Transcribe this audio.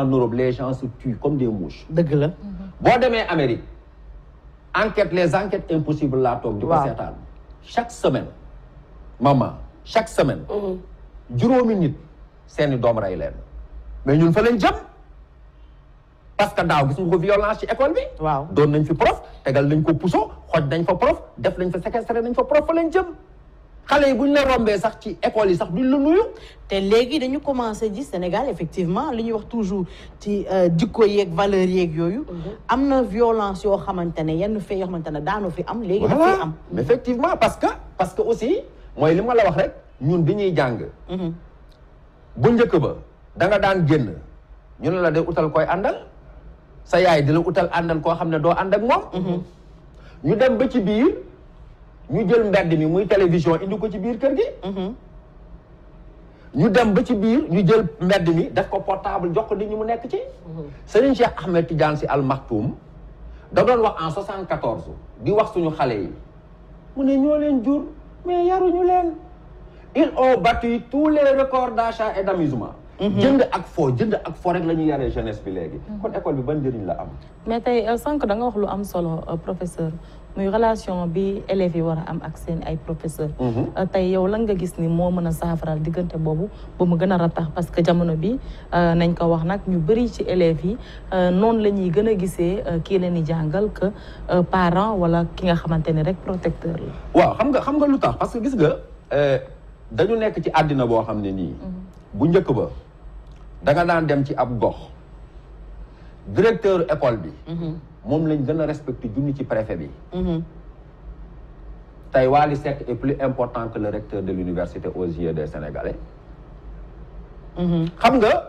en Europe les gens se tuent comme des mouches. dëgg la. boo demee Amérique enquête les enquêtes impossibles la toog. di ko chaque semaine. maman chaque semaine. Mm-hmm. juróomi nit seeni doom rey leen. mais ñun fa lañ jëm. que daaw gis nga violence ci école doon nañ fi prof tegal nañ ko puso xoj nañ fa prof def nañ fa séquestré nañ fa prof fa lañ xale yi bu ñu la rombee sax ci école yi sax duñ la nuyu. te léegi dañu commencé ji Sénégal effectivement li ñuy wax toujours ci euh, jikko yeeg valeur yéeg yooyu. Mhm. am na violence yoo xamante ne yenn fee yoo xamante ne daanu fi am. léegi daf fi am effectivement parce que parce que aussi mooy li ma la wax rek ñun bi ñuy jàng. Mhm. bu njëkk ba da nga daan génn ñu ne la de utal koy àndal sa yaay dina la utal àndal koo xam ne doo ànd ak moom. Mhm. ñu dem ba biir. ñu jël mbedd mi muy télévision indi ko ci biir kër gi mhm. ñu dem ba ci biir ñu jël mbedd mi def ko portable jox ko nit mu nekk ci mhm. Serigne Cheikh Ahmed Tidiane si Al Maktoum da doon wax en 74 di wax suñu xale yi mu ne ñoo leen jur mais yaruñu leen ils ont battu tous les records d'achat et d'amusement Mhm. jënd ak foo jënd ak foo rek la ñuy yaree jeunesse bi léegi. Mhm. kon école bi ban njëriñ la am. mais tey euh, sànq da nga wax lu am solo euh, professeur muy relation bi élève yi war a am ak seen ay professeur mhm. euh, tey yow lan nga gis ni moo mën a saafaral diggante boobu ba mu gën a ratax parce que jamono bi nañ ko wax nag ñu bëri ci élève yi noonu la ñuy gën a gisee kii leen di jàngal que parent wala ki nga xamante ne rek protecteur la. waaw xam nga xam nga lu tax parce que gis nga dañu nekk ci àddina boo xam ne nii. njëkk ba. da nga daan dem ci ab gox directeur école bi mhm. moom lañ gën a respecté junni ci préfet bi mhm. tey Wally Seck est plus important que le recteur de l'université aux yeux des Sénégalais mhm. xam nga